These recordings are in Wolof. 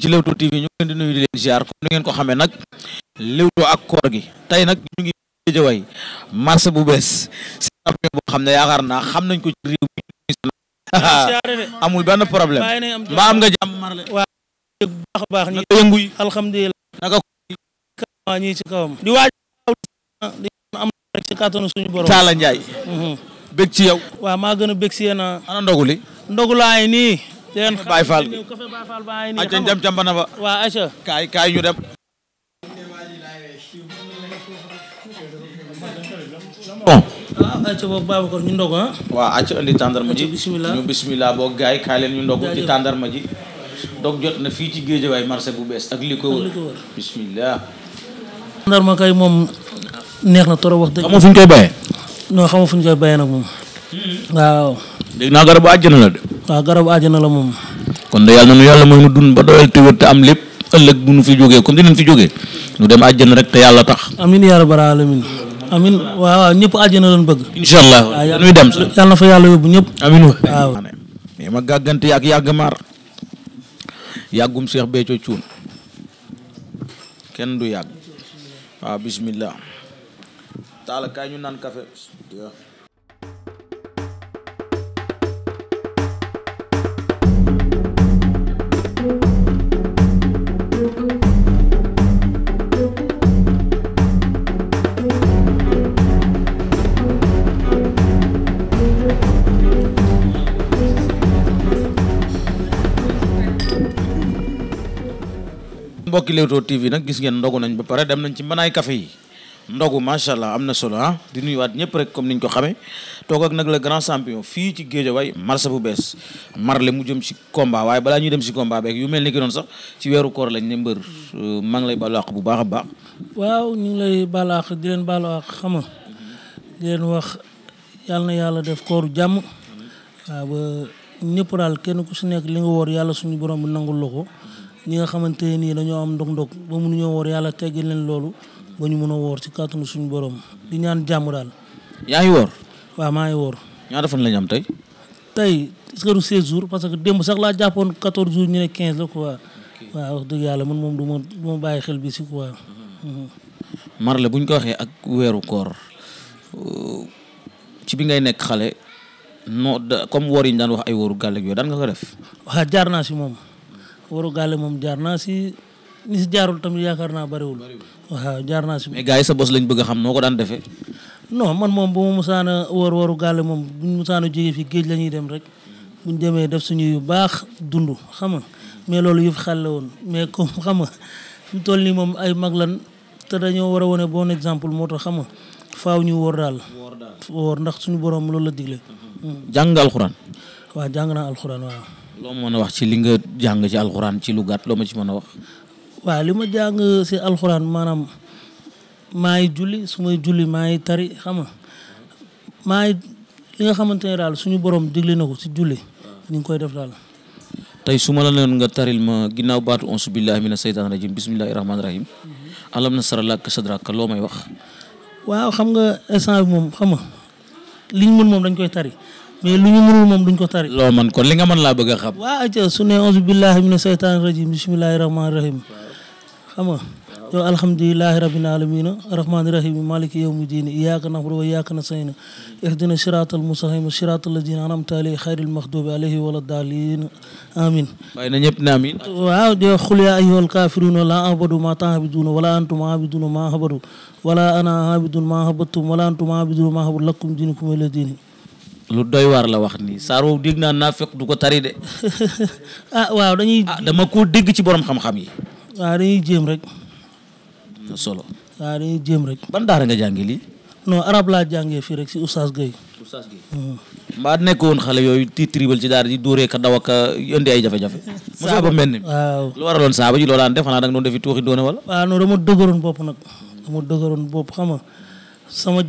ci Leewtoo TV ñu ngeen di nuyu di leen ziar comme ni ngeen ko ak koor gi tey nag ñu ngi jëjëwaay marché bu bees c'est champion boo xam ne yaakaar naa xam nañ ko ci réew mi amul benn problème mbaa am nga jàmm marle waaw baax baax ñi yëngu yi ko ñi ci kawam di waaj di am ci suñu borom Talla Ndiaye mhm. bég ci yow waa maa gën a bég si yéen ana ndogu li nii seen Baay Faal gi aca jam jambana fa waa aca kaay ah, ah. tàndarma ji ñu bismillah boo gaay kaay leen ñu ndog ci tàndarma ji dog jot na fii ci Géejawaay marché bu bees ak li ko tàndarma kay moom neex na trop wax dëgg xamoo fu ñu koy bayee non xamoo fu ñu koy bayee nag moom hmm. waaw dégg naa garabu àjjana la de waaw garab àjjana la moom. kon de yàlla na nu yàlla mooy nu dund ba doyal te wër te am lépp ëllëg bu nu fi jógee comme dinañ fi jógee nu dem àjjana rek te yàlla tax. amiin yaa rabbal aalamiin amiin waaw waaw ñëpp àjjana lañ bëgg. incha allah dañuy yàlla na fa yàlla yóbbu ñëpp. amiin ma yàgg maar yàggum Cheikh Béthio Thioune kenn du yàgg waaw bismillah taala kaay ñu naan café mbokki Leewtoo TV nag gis ngeen ndogu nañ ba pare dem nañ ci mbanaay café yi ndogu macha allah am na solo ah di nuyuwaat ñëpp rek comme niñ ko xamee toog ak nag le grand champion fii ci Guédiawaye marché bu bees marle mu jëm ci combat waaye balaa ñuy dem si combat beeg yu mel ni ki noonu sax ci weeru koor lañ ne mbër euh, maa lay baalu àq bu baax a baax. waaw ñii ngi lay baalu àq di leen baalu àq xam nga leen wax yàlla na yàlla def kooru jàmm waaw ba ñëpp daal kenn ku si nekk li nga woor yàlla suñu borom bu nangul la ko ñi nga xamante nii dañoo am ndog-ndog ba mënuñoo woor yàlla teggil leen loolu. ba ñu mën a woor ci kàttanu suñu borom di ñaan jàmm daal. yaa ngi woor. waaw maa ngi wor ñaata fan la ñu am tey. tey est-ce que du 16 jours parce que démb sax laa jàppoon 14 jours ñu ne 15 la ko waaw wax dëgg yàlla man moom du ma du ma bàyyi xel bi si quoi. Mhm. Marley bu ñu ko waxee ak weeru koor euh, ci bi ngay nekk xale noo da comme wor yi ñu daan wax ay woru gàlle yooyu daan nga ko def. waaw jaar naa si moom wooru gàlle moom jaar naa si li si jaarul tamit yaakaar naa bëriwul waaw jaar naa si mais gars yi sa bos lañ a xam noo man moom bu ma musaan a war wóoru moom buñ musaan a jógee fi géej la ñuy dem rek buñ demee def suñuy yu baax dund xam nga mais loolu yëf xel la woon mais comme xam nga fi mu toll nii moom ay mag lan te dañoo war a wane bon exemple moo tax xam nga faaw ñu wóor daal wor ndax suñu borom loolu la digle mhm. jàng nga alxuraan waa jàng naa alxuraan waaw loo mën a wax ci li nga jàng ci alxuraan ci lu gàtt loo ma ci mën a wax waaw li ma jàng si alxuraan maanaam maay julli su may julli maay tari xam nga maay li nga xamante ne daal suñu borom digle na ko si julli ni ngi koy def daal. tey su ma la noon nga taril ma ginnaaw baatu onsu billahi mina seytaan rajim bismillahi rahmaani rahim mhm. alam nasara laka sadraka loo may wax. waaw xam nga instant moom xam nga li moom dañ koy tari mais lu ñu mënul moom duñ ko tari. loo man kon li nga mën laa bëgg a xam. waa aca su ne billahi mina seytaan rajim bismillahi rahmaani rahim ama yow alhamdulilahi rabbil alamina arrahmani rahimi maliki yawmi diini iyyaka na'budu wa iyyaka nasta'in ihdina siratal mustaqim siratal ladina an'amta alayhim ghayril maghdubi alayhim waladdallin amin waaye na ñëpp na amin waaw de xul yaa ayyuhal kaafiruuna la a'budu ma ta'buduuna wala antum a'abiduuna ma a'budu wala ana a'abidun ma a'badtum wala antum a'abiduuna ma a'budu lakum diinukum waliya diin lu doy waar la wax nii saar woowu dégg naa naa fekk du ko tari de ah waaw dañuy ah dama koo dégg ci borom xam-xam yi waaw dañuy jéem rek. solo. waaw dañuy jéem rek. ban daara nga jàngee lii. non arab laa jàngee fii rek si Oustaz Gueye. Oustaz Gueye. Hmm. mbaa nekkoon xale yooyu tiit tribal ci daara ji dóoree ka daw ak indi ay jafe-jafe. saaba mel ni waaw. lu waraloon saaba ji loolaan def xanaa da nga doon defi tuuxi doone wala. waaw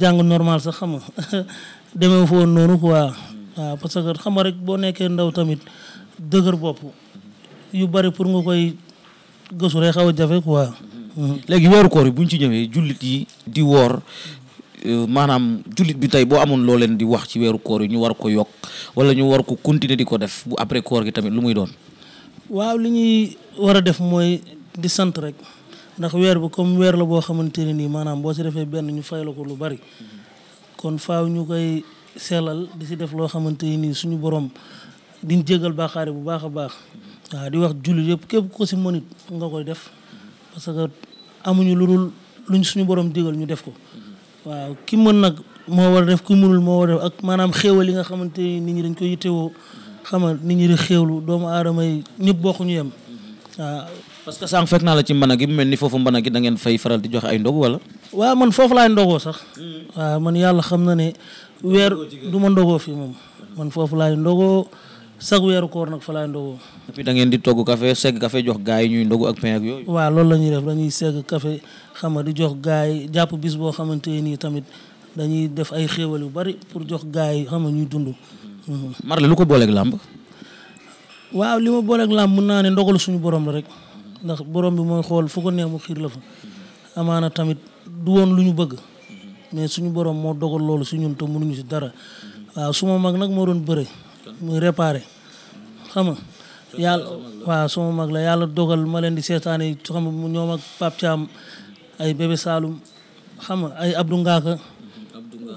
jàng normal sax xam nga demee fa woon waaw parce que rek boo nekkee ndaw tamit dëgër bopp yu bari pour nga koy. gëstu rek xaw a jafe quoi. Mm-hmm. Mm-hmm. léegi weeru koor yi bu ñu ci ñëwee jullit yi di woor euh, maanaam jullit bi tey boo amoon loo leen di wax ci weeru koor yi ñu war ko yokk wala ñu war ko continuer di ko def bu après koor gi tamit lu muy doon. waaw li ñuy war a def mooy di sant rek ndax weer bi comme weer la boo xamante ne nii maanaam boo si defee benn ñu fay la ko lu bari mm-hmm. kon faaw ñu koy sellal di si def loo xamante ni suñu boroom di jégal baaxaare bu baax a baax. waaw di wax jullit yëpp képp ko si mënit nga koy def parce que amuñu lu dul luñ suñu borom digal ñu def ko waaw ki mën nag moo war def ku mënul moo war def ak maanaam xéewal yi nga xamante ni nit dañ koy yittewoo xamal nit ñi di xéewlu doomu aadama yi ñëpp bokkuñu yem waaw. parce que sànq fekk naa la ci mbana gi mu mel ni foofu mbana gi da fay faral di joxe ay ndog wala. waaw man foofu laay ndogoo sax. Mm. waaw man yàlla xam na ne weer du ma fii moom man foofu laay ndogoo. chaque weeru koor nag fa laay ndogoo. depuis da ngeen di togg café segg café jox gaay yi ñuy ndogu ak pain yooyu. waaw la ñuy def dañuy segg café xam nga di jox gaay yi jàpp bis boo xamante nii tamit dañuy def ay xéewal yu bari pour jox gaay yi xam ñuy dund. Mm-hmm. Marley lu ko booleeg làmb. waaw li ma booleeg làmb naa ne ndogalu suñu borom la rek ndax borom bi mooy xool fu ko mu xiir la fa tamit du woon lu ñu bëgg mm-hmm. mais suñu borom moo dogal loolu si ñun te mënuñu si dara waaw su mag nag moo doon bëre. muy réparé xam nga yàlla waaw mag la yàlla dogal ma leen di seetaan yi xam nga ñoom ak Pape Thiam ay Bébé Saloum xam nga ay Abdou Ngaka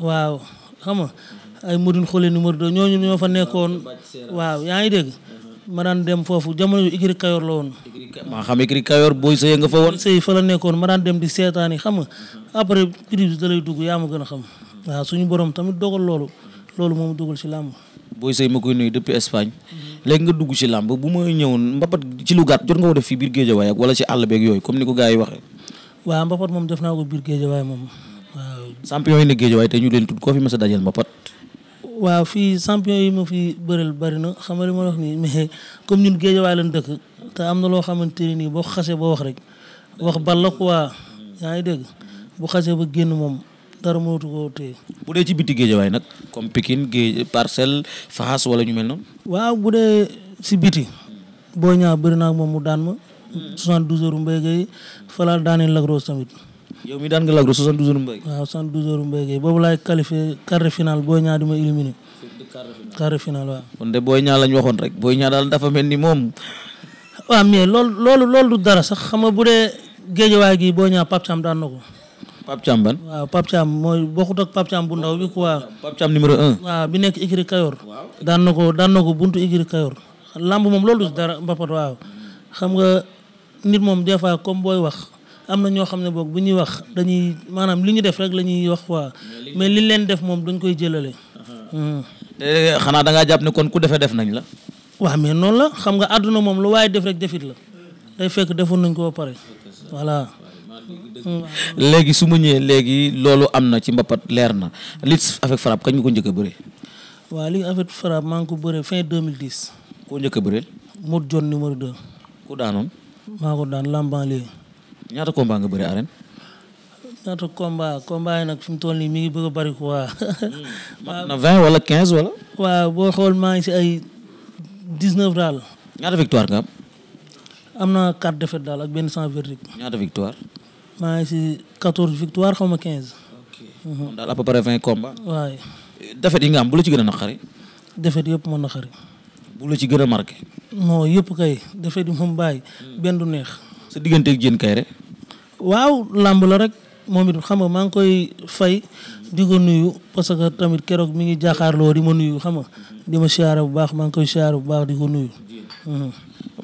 waaw xam nga ay Modou Xole numéro 2 fa nekkoon waaw yaa ngi dégg ma daan dem foofu jamono yu Igri Kayor xam Igri booy sëy nga fa woon. sëy nekkoon ma daan dem di seetaan yi xam nga après crise da lay dugg yaa ma gën a xam waaw suñu borom tamit dogal loolu loolu moom dugal ci làmb booy sëy ma koy nuyu depuis Espagne léegi nga dugg ci làmb bu ma ñëwoon mbapat ci lu gàtt jot nga ko def fii biir géejawaay ak wala ci àll beeg yooyu comme ni ko gars yi waxee waaw mbapat moom def naa ko biir géejawaay moom waaw yi ne géejawaay te ñu fi a dajal champion yi ma fi bëril bari na xam nga li ma wax nii mais comme ñun géejawaay lañ dëkk te am na loo xamante boo xasee ba wax rek wax bal la quoi yaa ngi dégg bu xasee ba génn moom dara mënatu koo téye. bu dee ci biti géejawaay nag comme Pikine géej parcelle Fass wala ñu mel noonu. waaw bu dee si biti. boo ñaa bëri naa moom mu daan ma. 72 heures mbéy kay falaa daaneel lagros tamit. yow mi daan nga lagros 72 heures mbéy. waaw 72 heures boobu laay qualifié quart final boo ñaaw di ma éliminé. quart final waaw. kon de booy ñaa lañu waxoon rek booy ñaaw daal dafa mel ni moom. waaw mais loolu loolu loolu dara sax xam nga bu dee géejawaay gi boo ñaaw Pape Pape Thiam ban. waaw Pape Thiam mooy bokkut ak Pape Thiam bu ndaw waaw bi nekk Ikri Kayor. waaw daan ko daan na ko buntu Ikri Kayor. lamb moom loolu dara mbapat waaw. nga nit moom des fois comme booy wax am na ñoo xam ne boog bu ñuy wax dañuy maanaam li ñu def rek la ñuy wax quoi mais li leen def moom dañ koy jëlale. te hmm. eh, xanaa da ngaa jàpp ne kon ku defee def nañ la. waaw mais noonu la xam nga àdduna moom lu waaye def rek defit la day fekk defoon nañ ko pare voilà. léegi su ma ñëwee léegi loolu am na ci mbapat leer na lutte avec frappe kañ ko njëkk a bëree. waaw lutte avec frappe maa ngi ko bëree fin 2010. koo njëkk a bëree. Modou Dione numéro 2. ku daanoon. maa ko daan lamban léegi. ñaata combat nga bëree arène. ñaata combat combat yi nag fi mu toll nii mi ngi bëgg a bari quoi. Hmm. mat na 20 wala 15 wala. waaw boo xool maa ngi si ay 19 daal. ñaata victoire nga am. na 4 défaites daal ak benn sans verdict. ñaata victoire. maa si quatorze victoire xaw ma quinze. ok daal à peu près vingt waaye. defet yi nga am bu la ci gën a naqari. defet yëpp moo naqari. bu la ci gën a marqué. moo yëpp kay defet yi moom bàyyi. Hmm. benn du neex. sa digganteeg kay Kairé. waaw làmb la rek moom it xam nga maa ngi koy fay di ko nuyu parce tamit keroog mi ngi jàkkaarloo di ma nuyu xam nga di ma siyaare bu baax maa ngi koy siyaare bu baax di ko nuyu.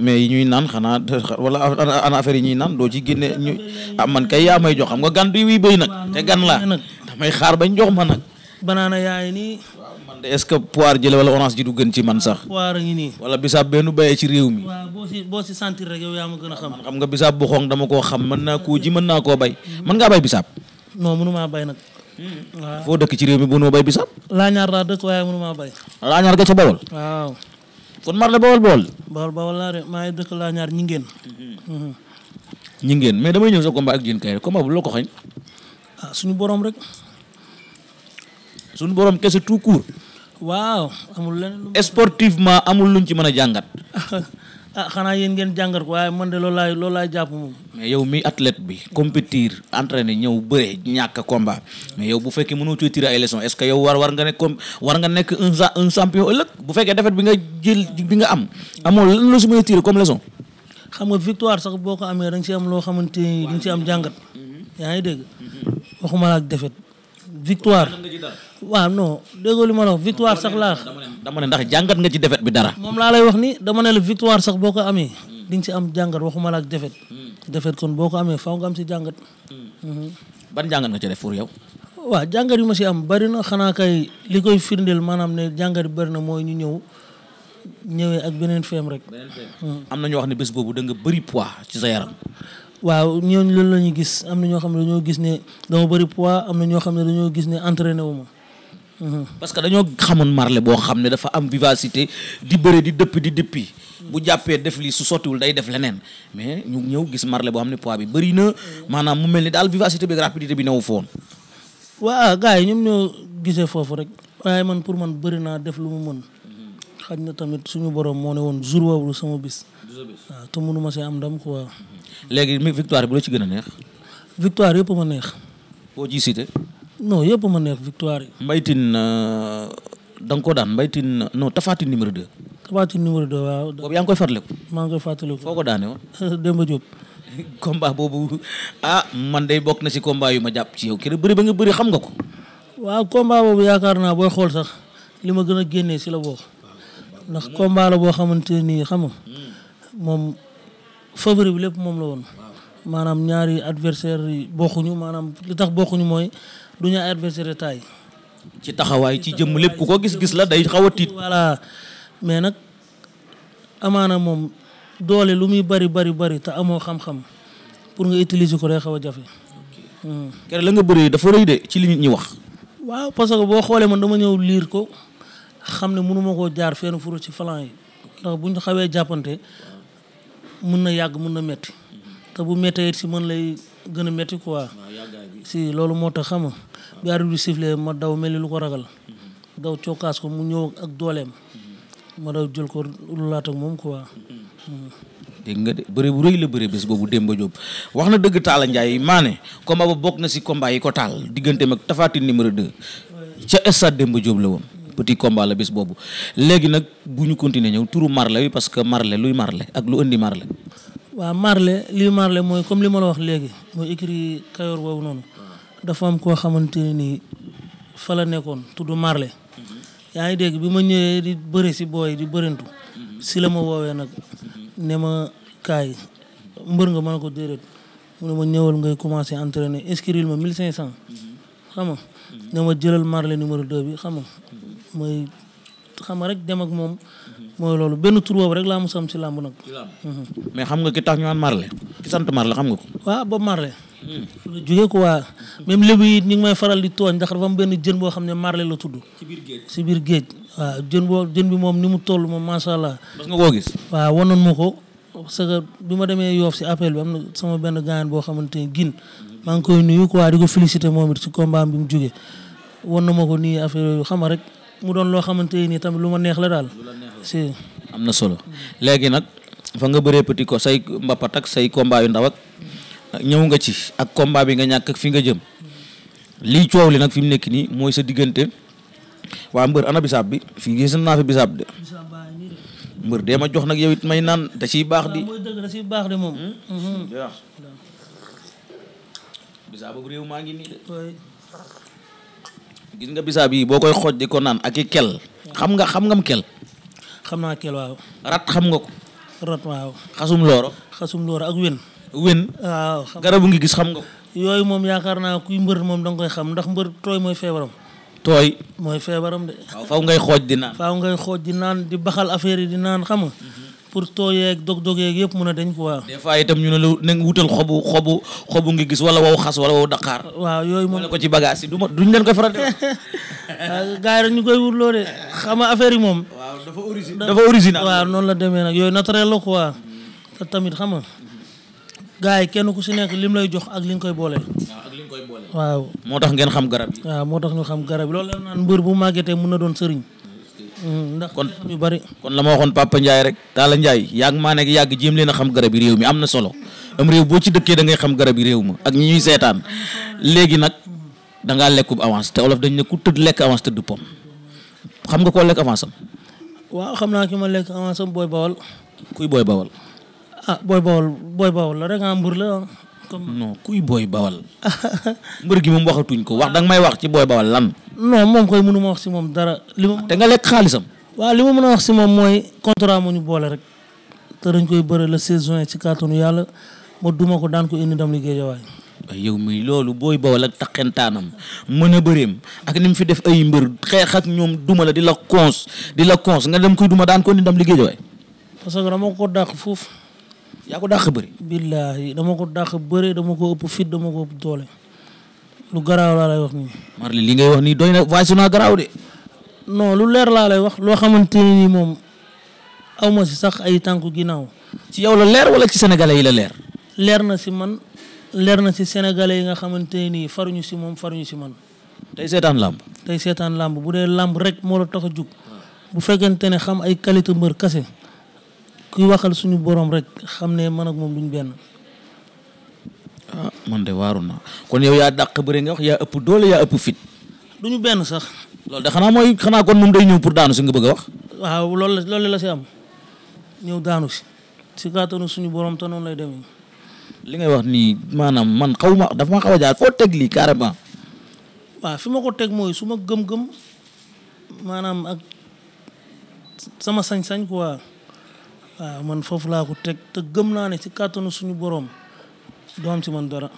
mais yi ñuy naan xanaa wala ana affaire yi ñuy naan doo ci génne ñu ah man kay yaa may jox xam nga gan du wi bëy nag te gan laa damay xaar bañ jox ma nag banaana yaay nii waaw man de est-ce que poire jële wala orange ji du gën ci man sax ah, poire ngi nii wala bisaab benn béyee ci réew mi waaw boo si boo si ma a xam xam nga bisaab bu xonq dama koo xam mën naa koo ji mën naa koo bay mën ngaa bay bisaab non mënumaa bay nag waaw foo dëkk ci réew mi bu noo bay bisaab laañaar laa dëkk waaye mënumaa bay laañaar ga ca kon mar la bool bool bawol bawol laa de maa ngi dëkk laa ñaar ñi ngeen. Mm-hmm. ñi ngeen mais damay ñëw sa ak Diène Kaïré combat bu la ko xañ. Ah, suñu borom rek. suñu borom kese tout court. waaw amul leneen sportivement amul luñ ci mën a jàngat. ah xanaa yéen ngeen jàngat ko waaye man de loolu laay loolu laay jàpp moom. mais yow mi athlète bi compétir entraîner ñëw bëre ñàkk combat mais yow bu fekkee mënoo ci tirer ay leçons est-ce que yow war war nga nekk comme war nga nekk un un ëllëg bu fekkee défaite bi nga jël bi nga am amoo lan la su may tirer comme leçon. xam nga victoire sax boo ko amee da nga am loo xamante ni da nga am jàngat. yaa ngi dégg mhm. waxuma la ak défaite. victoire waaw no déggoo li ma la wax victoire sax laa. dama ne ndax jàngat nga ci defet bi dara. moom laa lay wax ni dama ne la victoire sax boo ko amee. Hmm. di nga ci am jàngat waxuma la ak defet. Hmm. defet kon boo ko amee faaw nga am ci jàngat. Hmm. ban jàngat nga ci yow. waaw jàngat yu ma ci am bari na xanaa kay li koy firndeel maanaam ne jàngat yu bari na mooy ñu ñëw ñëwee ak beneen feem rek. am na ñoo wax ne bés boobu da nga bëri poids ci sa yaram. waaw ñooñu loolu la ñu gis am na ñoo xam ne dañoo gis ne dama bëri pois am na ñoo xam ne dañoo gis ne entraîné wu ma. Mhm. parce que dañoo xamoon Marley boo xam ne dafa am vivacité di bëre di dëpp di dëppi bu jàppee def lii su sottiwul day def leneen mais ñu ñëw gis marle boo xam ne poids bi bëri na maanaam mu mel ni daal vivacité bi rapidité bi newu foon. waaw gars yi ñoom ñoo gisee foofu rek waaye man pour man bëri naa def lu mu mën. Mhm. xaj na tamit suñu borom moo ne woon jour woowu sama bis. waaw te mënu ma see am ndam quoi. léegi victoire bu la ci gën a neex. victoire yëpp ma neex. foo ji cité. yëpp ma neex victoire yi. tin euh, da nga koo daan mbaytin non tafatin numéro de tafatin numéro 2 waaw. boobu yaa ngi koy fàttaliku. maa ngi koy fàttaliku foo ko daane woon. Demba Diop. combat boobu ah man day bokk na si combat yu ma jàpp ci yow kii bëri ba nga bëri xam nga ko. waaw combat boobu yaakaar naa booy xool sax li ma gën a génnee si la bokk ndax combat la boo xamante nii xam moom favori bi lépp moom la woon. maanaam ñaari adversaire yi bokkuñu maanaam li tax bokkuñu mooy du ñu ay adversaire de ci taxawaay ci jëmm lépp ku ko gis-gis la day xaw a tiit. voilà mais nag amaana moom doole lu muy bari bari bari te amoo xam-xam pour nga utiliser ko day xaw a jafe. Hmm. kere la nga bëree dafa rëy de ci li nit wax. waaw parce boo xoolee man dama ñëw liir ko xam ne mënu ma koo jaar fenn furu ci flanc yi ndax bu ñu xawee jàppante. mun na yàgg mun na metti te bu méttee it si mën lay gën a métti quoi si loolu moo tax xam nga bi arbitre bi sifflé ma daw mel ni lu ko ragal daw cokaas ko mu ñëw ak dooleem ma daw jël ko lulaat ak moom quoi. dégg nga de bëre bu rëy la bëre bés boobu Demba Diop wax na dëgg Talla Ndiaye maa ne combat bokk na si combat yi ko taal digganteem ak Tapha Tine numéro 2 ca stade Demba Diop la woon. petit combat la bis boobu léegi nag bu ñu continuer ñëw turu marle bi parce que marle luy marle ak lu indi marle waaw marle luy marle mooy comme li ma la wax léegi mooy écrit kayoor woowu noonu dafa am koo xamante ni fa la nekkoon tudd marle yaa ngi dégg bi ma ñëwee di bëri si booy di bërintu si la ma woowee nag ne ma kaay mbër nga mën ko déedéet mu ma ñëwal ngay commencé entraîner inscrire ma 1500 xam nga ne jëlal marle numéro 2 bi mooy xam nga rek dem ak moom mooy loolu benn tur boobu rek laa mos am si làmb nag. mais xam nga ki tax ñu naan Marley ki sant Marley xam nga ko. waaw Bob Marley. Hmm. fu la ko waa même lébu yi ñu ngi may faral di tooñ ndax dafa am benn jën boo xam ne Marley la tudd. ci biir si biir géej. waaw boo jën bi moom ni mu toll moom macha allah. parce que nga koo gis. waaw wanoon ma ko parce ma demee yoof si appel bi benn gaañan boo xamante ne gin. maa ngi koy nuyu di ko féliciter moom it si combat bi mu jógee wan na ma ko nii affaire yooyu rek. mu doon loo xamante ni tamit lu ma neex la daal. am na solo léegi nag fa nga bëree petit ko say mbapat ak say combat yu ñëw nga ci ak combat bi nga ñàkk ak fi nga jëm lii coow li nag fi mu nekk nii mooy sa diggante waa mbër ana bisaab bi fii gis naa fi bisaab de. mbër dee ma jox nag yow it may naan da ciy baax di. moom. Hmm? Hmm. gis nga bisaab yi boo koy xooj di ko naan ak i kel xam nga xam ngam kel xam naa kel waaw rat xam nga ko rat waaw xasum looro xasum looro ak wen wen waaw garabu ngi gis xam nga ko yooyu moom yaakaar naa kuy mbër moom da nga koy xam ndax mbër tooy mooy feebaram tooy mooy feebaram de waaw faw ngay xooj di naan faw ngay xooj di naan di baxal affaire di naan xam pour tooyeeg dog-dogeeg yëpp mën a dañ quoi. des fois tam ñu ne la na nga wutal xobu xobu xobu nga gis wala wow xas wala wow daqaar. waaw yooyu moom ko ci bagage yi du ma duñ leen ko faral de. gars ñu koy wutloo de xam nga affaire yi moom. waaw dafa original dafa original. waaw noonu la demee nag yooyu naturel la ko te tamit xam nga gars yi kenn ku si nekk lim lay jox ak li nga koy boole. waaw moo tax ngeen xam garab yi. moo tax xam garab yi loolu la naan mbër bu màggetee mën na doon sëriñ. ndax kon xam yu la ma waxoon Papa Ndiaye rek Talla Ndiaye yàgg maa yàgg jéem leen a xam garab yi réew mi am na solo am réew boo ci dëkkee da ngay xam garab yi réew ma ak ñuy seetaan léegi nag da ngaa lekkub avance te olof dañ ne ku tëdd lekk avance tëdd pom xam nga koo lekk avance am. waaw xam naa ki ma lekk avance am booy bawal. kuy booy bawal. ah booy bawal booy bawal rek ah mbur la ah. comme non kuy booy bawal. mbër gi moom waxatuñ ko wax danga may wax ci booy bawal lan. non moom koy mënu ma wax si moom dara. li ma te nga lekk xaalisam. waaw li ma mën a wax si moom mooy contrat mu ñu boole rek. te dañ koy bëre la 16 si ci yàlla ma duma ko daan ko indi dam liggéey jawaay. waaye yow mii loolu booy bawal ak taxentaanam mën a bëreem ak ni mu fi def ay mbër xeex ñoom duma la di la cons di la cons nga dem koy duma daan ko indi liggéey jawaay. dama ko dàq foofu. yaa ko dàq bëri. billaahi dama ko dàq bëri dama ko ëpp fit dama ko ëpp doole. lu garaaw laa lay wax nii. Marley li ngay wax nii doy na voice naa garaaw de. non lu leer laa lay wax loo xamante moom aw ma si sax ay tànku ginnaaw. ci yow la leer wala ci sénégalais yi la leer. leer na si man leer na si senegale yi nga xamante ne nii faruñu si moom faruñu si man. tey seetaan làmb. tey seetaan làmb bu dee làmb rek moo la tax a jug. bu fekkente ne xam ay qualité mbër kese. ku wax al suñu borom rek xam ne man ak moom duñ benn. ah man de waaru na kon yow yaa dàq bëri nga wax yaa ëpp doole yaa ëpp fit. duñu benn sax. loolu de xanaa mooy xanaa kon moom day ñëw pour daanu si nga bëgg a wax. waaw loolu la loolu la si am ñëw daanu si. si kàttanu suñu borom te noonu lay demee. li ngay wax ni maanaam man xaw ma dafa ma xaw a jaar foo teg lii ma waaw fi ma ko teg mooy su ma gëm-gëm maanaam ak sama sañ-sañ quoi. waaw man foofu laa ko teg te gëm naa ne ci kàttanu suñu boroom doom ci man dara.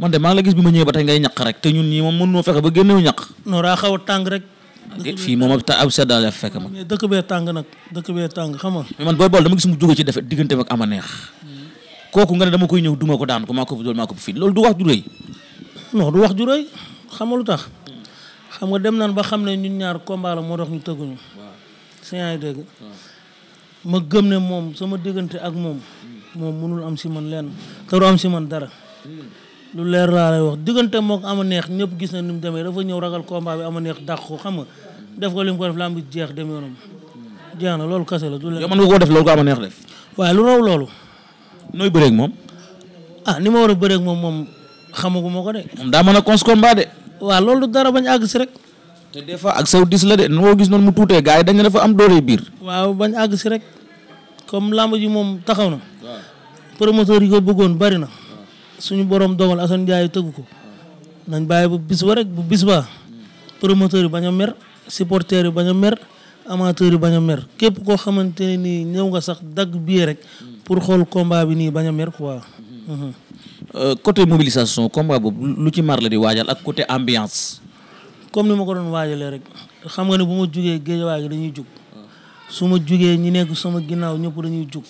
man de maa ngi la gis bi ma ñëwee ba tey ngay ñaq rek te ñun ñii moom mënuñoo fexe ba génnewu ñaq. non xaw a tàng rek. Ah, fii moom ab ab a fekk ma. mais dëkk bee tàng nag dëkk bee tàng xam nga. mais dama gis mu jóge ci defe diggante ak ama neex. kooku nga ne dama koy ñëw duma ko daan ko maa ko dool maa ko fi loolu du wax ju rëy. non du wax ju rëy xam nga lu tax. xam nga dem nañ ba xam ne ñun ñaar combat la moo tax ñu tëgguñu. waaw si yaa dégg. ma gëm ne moom sama diggante ak moom moom mënul am si man leen te du am si man dara lu leer laa lay wax diggante mook a neex ñëpp gis na ni mu demee dafa ñëw ragal combat bi ama neex dàq ko xam nga def ko li ko def lamb bi jeex dem yoonam jeex na loolu kase la du man nga koo def loolu ko ama neex def waaye lu loolu nooy bëreeg moom ah ni ma war a bëreeg moom moom xamagu ma ko de moom daa mën a cons combat de loolu du dara bañ àgg si rek te des fois ak saw dis la de noo gis noonu mu tuutee gaa yi dañ ne dafa am doole biir waaw bañ àgg si rek comme làmb ji moom taxaw na. promoteur yi ko bëggoon bari na. suñu borom dogal Assane Ndiaye tëgg ko. nañ bàyyi bu bis ba bu bis ba promoteur yi bañ a mer supporters yi bañ a mer amateurs yi bañ mer képp koo xamante ne nii ñëw nga sax dagg bii rek hmm. pour xool combat bi nii bañ a mer quoi. Hmm. Hmm. Euh, côté mobilisation combat boobu lu ci mar la di waajal ak côté ambiance. comme ni ma ko doon waajalee rek xam nga ne bu ma jugee géejawaay gi dañuy jug. su ma jugee ñi nekk sama ginnaaw ñëpp dañuy jug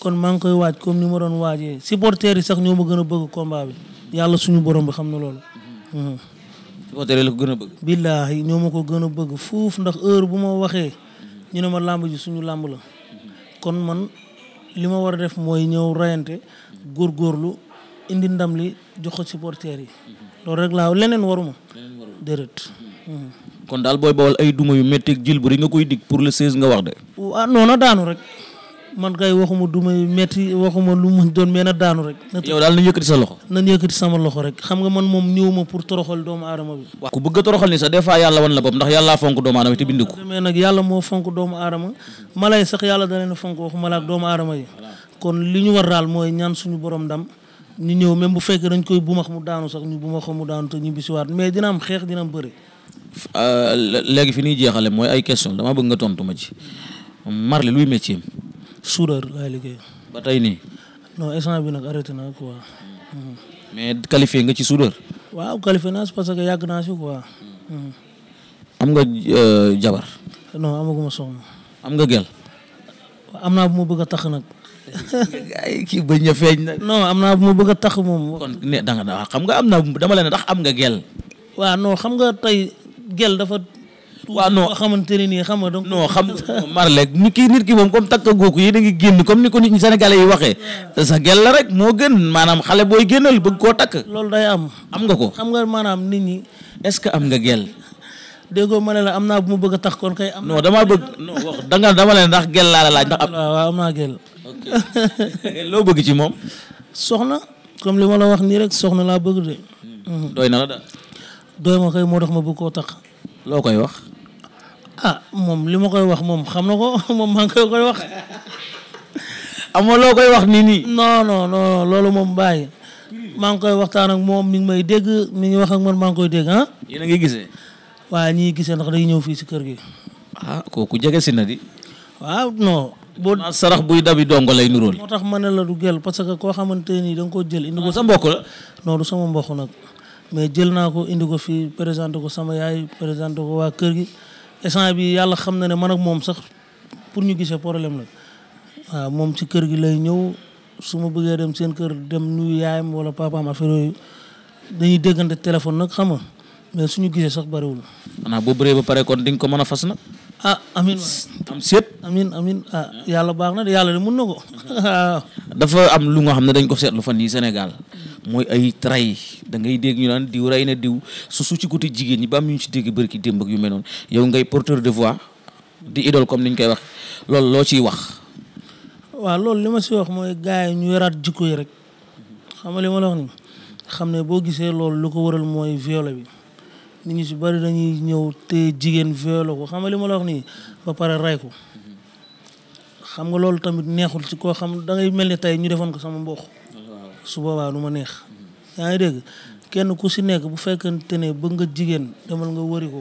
kon maa ngi koy waaj comme ni ma doon waajee siporteer yi sax ñoo ma gën a bëgg combat bi yàlla suñu borom bi xam na loolu. supporters la gën a bëgg. billaahi ñoo ma ko gën a bëgg fuuf ndax heure bu ma waxee ñu ne ma làmb ji suñu làmb la kon man li ma war a def mooy ñëw rayante góorgóorlu indi ndam li jox ko supporters yi loolu rek laa leneen waruma. déedéet. kon daal booy bawal ay duma yu métteeg jil bu ri nga koy dig pour le 16 nga wax de. waaw ah, noona daanu rek man kay waxuma duma yu métti waxuma lu mu doon mën a daanu rek. yow sa loxo. nañ yëkkati sama loxo rek xam nga man moom ñëwuma pour toroxal doomu aadama bi. ku bëgg a toroxal ni sax des fois yàlla wan la bopp ndax yàllaa fonk doomu aadama te bindiku. mais nag yàlla moo fonk doomu aadama a waxuma la doomu aadama yi. kon li ñu war daal mooy ñaan suñu borom ndam. ñu ñëw même bu fekkee dañ koy bumax mu daanu sax ñu bumax mu daanu te ñu bisiwaat mais dina am xeex dina am bëre Euh, léegi fi ñuy jeexale mooy ay question dama bëgg nga tontu ma ci Marley luy métier am. soudeur laay liggéey. ba tey nii. non instant bi nag arrêté naa quoi. Mm. mais qualifié nga ci suudar waaw qualifié naa parce que yàgg naa si quoi. Mm. am nga euh, jabar. non am nga gel. am naa bu ma bëgg a tax nag. ki kii ba ña feeñ nag. am naa bëgg a tax moom. kon ne da nga xam nga am naa dama leen ndax am nga gel. waaw noo xam nga tey gel dafa. waaw noo xamante ne nii xam nga donc. non xam marlek ni ki nit ki moom comme takka gooku yi da ngi génn comme ni ko nit ñi sénégalais yi waxee sa gel la rek moo gën maanaam xale booy génnal bëgg koo takk. loolu day am. am nga ko xam nga maanaam nit ñi est-ce que am nga gel. déggoo ma ne la am naa bu mu bëgg a tax koon kay. am non damaa bëgg non wax danga dama leen ndax gel laa la laaj. ndax am waaw am naa gel. loo bëgg ci moom. soxna comme li ma la wax nii rek soxna laa bëgg de. Hmm. doy ma koy moo tax ma bëgg koo tax. loo koy wax. ah moom li ma koy wax moom xam na ko moom maa ngi koy koy wax. amoo loo koy wax nii nii. non non loolu moom bàyyi. maa ngi koy waxtaan ak moom mi ngi may dégg mi ngi wax ak man maa ngi koy dégg ah. yéen a ngi gisee. waaw ñii gisee ndax day ñëw fii si kër gi. ah kooku jege si na di. waaw non. boo sarax buy i dongo lay nurool moo tax ma ne la du gel parce que koo xamante nii da koo jël indi ko. Ah, sa mbokk la. non du sama mbokk nag. mais jël naa ko indi ko fii présenté ko sama yaay présenté ko waa kër gi instant bi yàlla xam na ne man moom sax pour ñu gisee problème la moom si kër gi la ñëw su ma bëggee dem seen kër dem nuyu yaayam wala papaam affaire yooyu dañuy déggante téléphone nag xam nga mais suñu gisee sax bariwul. xanaa boo bëree ba pare kon di nga ko mën a fas na. ah amin am seet am amin ah yàlla baax na de yàlla de mun na ko waaw. dafa am lu nga xam ne dañ ko seetlu fa yii Sénégal. mooy ay tray da ngay dégg ñu naan diw rey na diw su su ci côté jigéen ñi ba am ñu ci dégg bërki démb ak yu mel noonu yow ngay porteur de voix di idole comme ni ñu koy wax loolu loo ciy wax. waaw loolu li ma si wax mooy gars yi ñu yoraat jikko yi rek xam nga li ma la wax ni xam ne boo gisee loolu lu ko waral mooy viol bi nit ñi si bari dañuy ñëw te jigéen viol ko xam nga li ma la wax nii ba pare rey ko xam nga loolu tamit neexul ci koo xam da ngay mel ni tey ñu defoon ko sama mbokk. su boobaa lu ma neex yaa ngi dégg kenn ku si nekk bu fekkente ne bëgg nga jigéen demal nga wëri ko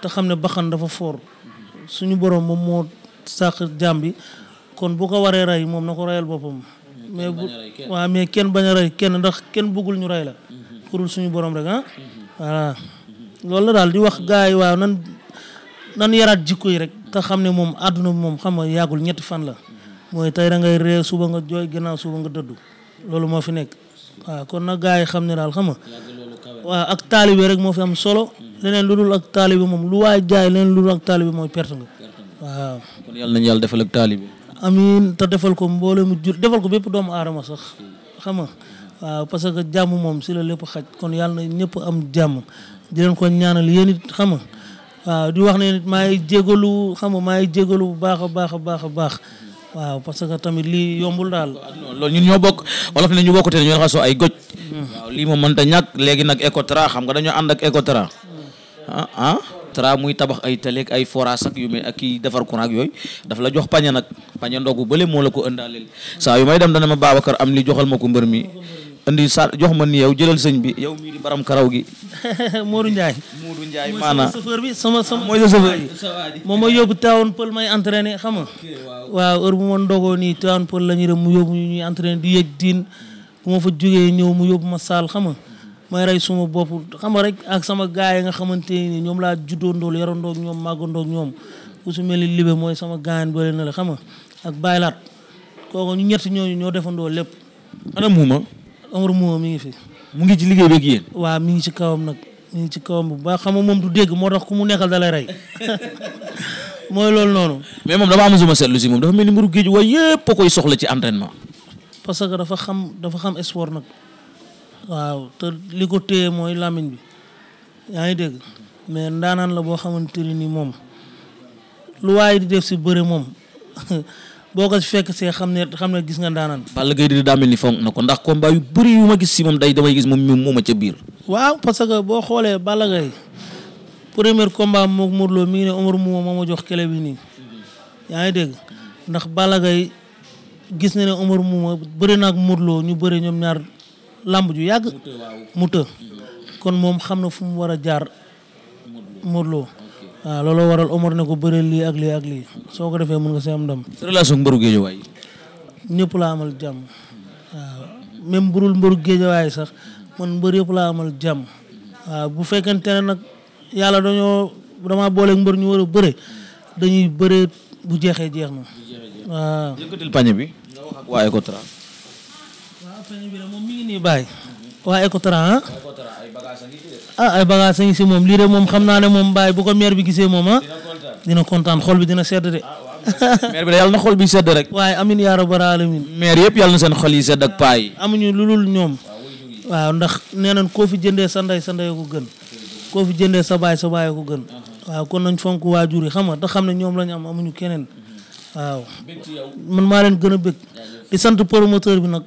te xam ne baxan dafa foor suñu borom moom moo sàq jaam bi kon bu ko waree rey moom na ko reyal boppam mais bu waaw mais kenn bañ a rey kenn ndax kenn bëggul ñu rey la kurul suñu borom rek ah voilà loolu la daal di wax gars yi waaw nan nan yaraat jikko yi rek te xam ne moom àdduna moom xam nga yàggul ñetti fan la mooy tey da ngay ree suba nga jooy gannaaw suba nga dëddu loolu moo fi nekk waaw kon na gars yi xam ne daal xam nga waaw ak taalibe rek moo fi am solo leneen lu dul ak taalibe moom lu waay jaay leneen lu dul ak taalibe mooy perte nga waaw. kon yàlla nañu yàlla defal ak taalibe. amiin te defal ko mboole mu jur defal ko bépp doomu aadama sax xam parce que jàmm moom si la lépp xaj kon yàlla na ñëpp am jàmm di leen ko ñaanal yéen it xam waaw di wax ne maa ngi jégalu xam nga maa ngi jégalu bu baax a baax a baax a baax. waaw parce que tamit lii yombul daal. loolu ñun ñoo bokk wolof ne ñu bokkute dañoo raxasoo ay goj. waaw lii moom mënta ñàkk léegi nag Ecotra xam nga dañoo ànd ak Ecotra. ah ah tra muy tabax ay taleeg ay forage ak yu mel ak kii defar courant ak yooyu daf la jox pañe nag pañe ndogu bële moo la ko ëndaaleel saa yu may dem dana ma Babacar am li joxal ma ko mbër mi. indi sa jox ma ni yow jëlal sëñ bi yow mii di baram karaw gi. Modou Ndiaye. Modou Ndiaye maanaam mooy chauffeur bi sama sama. mooy chauffeur bi moom mooy yóbbu Tivaouane Peulh may entraîné xam nga. waaw heure bu ma ndogoo nii Tivaouane Peulh la ñuy dem mu yóbbu ñu entraîné di yëg diin bu ma fa jugee ñëw mu yóbbu ma saal xam ma may rey suma bopp xam nga rek ak sama gaay yi nga xamante ni ñoom laa juddoondool yarandoog ñoom màggandoog ñoom ku su mel libe mooy sama gaayan bële na la xam nga ak baylaat kooku ñu ñett ñooñu ñoo defandoo lépp. ana Omar Mouma mi ngi fi. mu ngi ci liggéey beeg yéen. waaw mi ngi ci kawam nag mi ngi ci kawam bu baax xam moom du dégg moo tax ku mu nekkal da lay rey mooy loolu noonu. mais moom dafa am suma seetlu si moom dafa mel ni mbiru géej waaye yëpp a koy soxla ci entraînement. parce que dafa xam dafa xam sport nag. waaw te li ko téye mooy làmmiñ bi yaa ngi dégg mais ndaanaan la boo xamante ni moom lu waaye di def si bëre moom. boo ko fekk see xam ne xam ne gis nga ndaanaan Balla Gaye di daa mel ni fonk na ko ndax combat yu bëri yu ma gis si moom day damay gis moom moom ma ca biir waaw parce que boo xoolee Balla Gaye premier combat mi ngi ne Omar Mouma moo ma jox kele bi nii ngi dégg ndax Balla gis na ne Omar Mouma bëri nag ak ñu bëri ñoom ñaar làmb ju yàgg mu të kon moom xam na fu mu war a jaar Modou waaw looloo waral Omar ne ko bëreel lii ak lii ak lii soo ko defee mën nga si am ndam. sa relation mbëru géejawaay. ñëpp laa amal jàmm waaw même burul mbëru géejawaay sax man mbër yëpp laa amal jàmm bu fekkente ne nag yàlla dañoo dama booleeg mbër ñu war a bëre dañuy bëre bu jeexee jeex na. waaw. yëkkatil bi. nga moom mi ngi waaye Ecotra ah. ah ay bagage a ngi si moom lii moom xam naa ne moom bàyyi bu ko maire bi gisee moom ah dina kontaan xol bi dina sedd de ah, maire yàlla na xol bi sedd rek waaye amin yaa rabbal alamin maire yëpp yàlla na seen xol yi sedd ak paa yi amuñu lu lul ñoom waaw ndax nee nañ koo fi jëndee sa ndey sa ko gën koo fi jëndee sa baay sa baay ko gën uh-huh. waaw kon nañ fonk waajur yi xam nga te xam ne ñoom lañu am amuñu keneen uh-huh. waaw man maa leen gën a bëgg di sant promoteur bi nag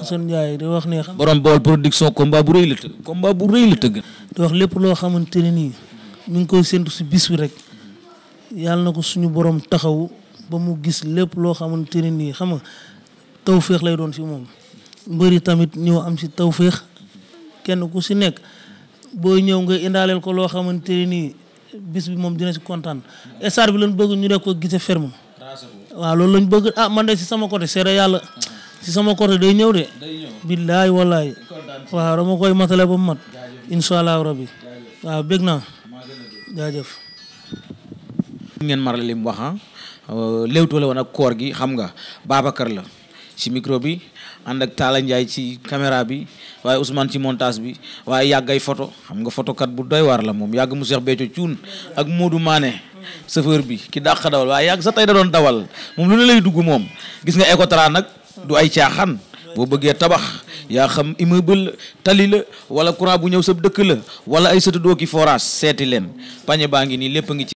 Assane Ndiaye di wax ne xam borom Baol production combat bu bu rëy la tëgg di wax lépp loo xamante ne nii mi ngi koy séntu si bis bi rek yàlla na ko suñu borom taxaw ba mu gis lépp loo xamante ne nii xam nga taw féex lay doon si moom mbëri tamit ñëw am si taw féex kenn ku si nekk booy ñëw nga indaaleel ko loo xamante ne nii bis bi moom dina si kontaan estar bi lañ bëgg ñu def ko gise ferme waaw loolu lañ bëgg ah man de si sama côté seede yàlla ci sama côté day ñëw de billaay wallaay waaw dama koy matale ba mu mat incha allah rabbi waaw bég naa jaajëf ngeen mar lim li mu wax ah. euh, Leewtoo la koor gi xam nga Babacar la ci micro bi ànd ak Talla ci camera bi waaye Ousmane ci montage bi waaye yàggay photo xam nga photokat bu doy war la moom yàgg mu Seex Béthio Thioune ak Modou Mané chauffeur bi ki dàq dawal waaye yàgg sa tey da doon dawal moom lu ne lay dugg moom gis nga Ecotra nag du ay caaxaan boo bëggee tabax yaa xam immeuble tali la wala courant bu ñëw sa dëkk la wala ay satadoo ki forage seeti leen pañe baa ngi nii lépp a ngi ci